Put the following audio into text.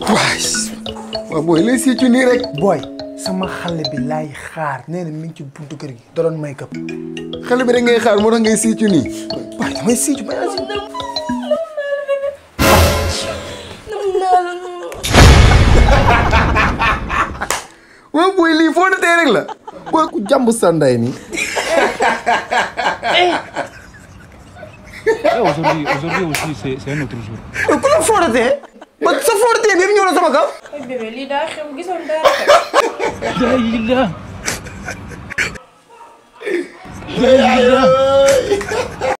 waay waaw booy lay siicu rek booy sama xale bi laay xaar nee na mi ngi ci buntu kër gi da doon make up xale bi rek ngay xaar moo tax ngay siicu nii waay damay siicu ba yaa siicu waaw booy lii Eh? Aujourd'hui, aujourd'hui aussi, c'est un autre jour. Pourquoi comment faut-il Mais ça faut toogal. ay bébé lii daa xew gisoon daa rafet.